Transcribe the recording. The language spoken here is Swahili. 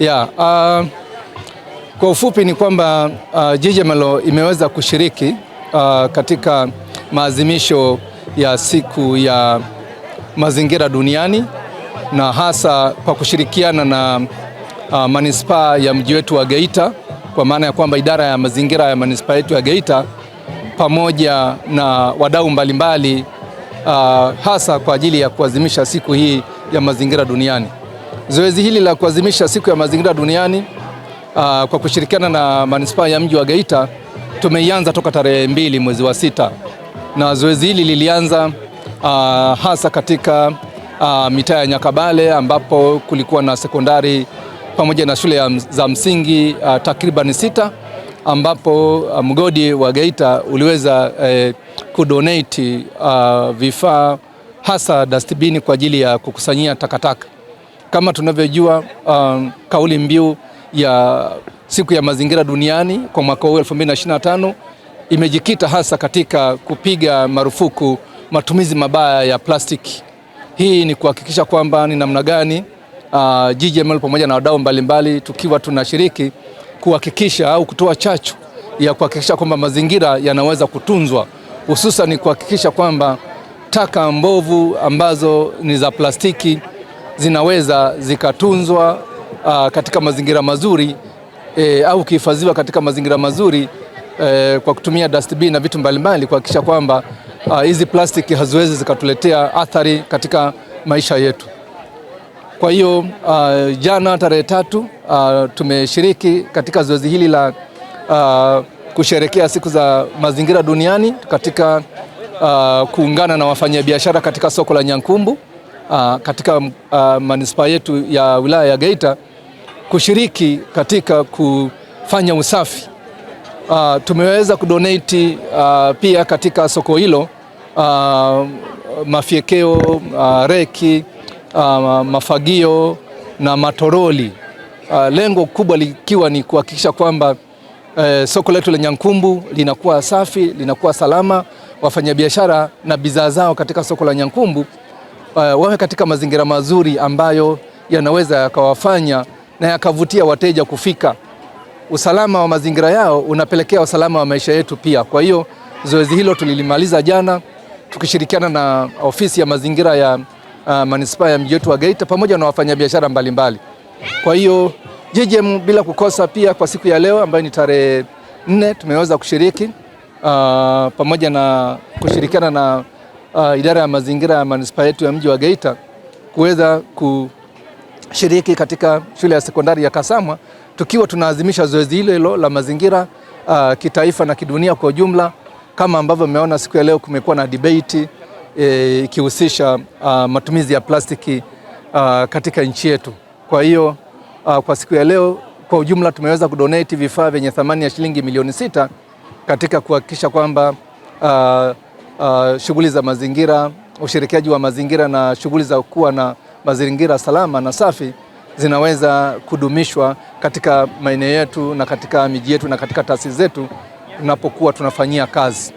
Yeah, uh, kwa ufupi ni kwamba uh, Melo imeweza kushiriki uh, katika maadhimisho ya siku ya mazingira duniani na hasa kwa kushirikiana na uh, manispaa ya mji wetu wa Geita kwa maana ya kwamba idara ya mazingira ya manispaa yetu ya Geita pamoja na wadau mbalimbali uh, hasa kwa ajili ya kuadhimisha siku hii ya mazingira duniani. Zoezi hili la kuadhimisha siku ya mazingira duniani aa, uh, kwa kushirikiana na manispaa ya mji wa Geita tumeianza toka tarehe mbili mwezi wa sita, na zoezi hili lilianza aa, uh, hasa katika uh, mitaa ya Nyakabale ambapo kulikuwa na sekondari pamoja na shule za msingi takriban sita ambapo mgodi wa Geita uliweza eh, kudonate uh, vifaa hasa dustbin kwa ajili ya kukusanyia takataka. Kama tunavyojua um, kauli mbiu ya siku ya mazingira duniani kwa mwaka huu 2025 imejikita hasa katika kupiga marufuku matumizi mabaya ya plastiki. Hii ni kuhakikisha kwamba ni namna gani uh, GGML pamoja na wadau mbalimbali tukiwa tunashiriki kuhakikisha au kutoa chachu ya kuhakikisha kwamba mazingira yanaweza kutunzwa, hususan ni kuhakikisha kwamba taka mbovu ambazo ni za plastiki zinaweza zikatunzwa uh, katika mazingira mazuri e, au kuhifadhiwa katika mazingira mazuri e, kwa kutumia dustbin na vitu mbalimbali kuhakikisha kwamba uh, hizi uh, plastiki haziwezi zikatuletea athari katika maisha yetu. Kwa hiyo uh, jana tarehe tatu uh, tumeshiriki katika zoezi hili la uh, kusherekea siku za mazingira duniani katika uh, kuungana na wafanyabiashara katika soko la Nyankumbu uh, katika uh, manispaa yetu ya wilaya ya Geita kushiriki katika kufanya usafi. Uh, tumeweza kudonate uh, pia katika soko hilo uh, mafiekeo uh, reki uh, mafagio na matoroli uh, lengo kubwa likiwa ni kuhakikisha kwamba uh, soko letu la Nyankumbu linakuwa safi, linakuwa salama, wafanyabiashara na bidhaa zao katika soko la Nyankumbu uh, wawe katika mazingira mazuri ambayo yanaweza yakawafanya na yakavutia wateja kufika. Usalama wa mazingira yao unapelekea usalama wa maisha yetu pia. Kwa hiyo zoezi hilo tulilimaliza jana tukishirikiana na ofisi ya mazingira ya uh, manispaa ya mji wetu wa Geita pamoja na wafanyabiashara mbalimbali. Kwa hiyo JJM bila kukosa pia kwa siku ya leo ambayo ni tarehe nne tumeweza kushiriki uh, pamoja na kushirikiana na uh, idara ya mazingira ya manispaa yetu ya mji wa Geita kuweza kushiriki katika shule ya sekondari ya Kasamwa tukiwa tunaadhimisha zoezi hilo hilo la mazingira uh, kitaifa na kidunia kwa ujumla. Kama ambavyo mmeona siku ya leo kumekuwa na debate eh, ikihusisha e, uh, matumizi ya plastiki uh, katika nchi yetu. Kwa hiyo uh, kwa siku ya leo kwa ujumla tumeweza kudonate vifaa vyenye thamani ya shilingi milioni sita katika kuhakikisha kwamba uh, uh, shughuli za mazingira, ushirikiaji wa mazingira na shughuli za kuwa na mazingira salama na safi zinaweza kudumishwa katika maeneo yetu na katika miji yetu na katika taasisi zetu tunapokuwa tunafanyia kazi.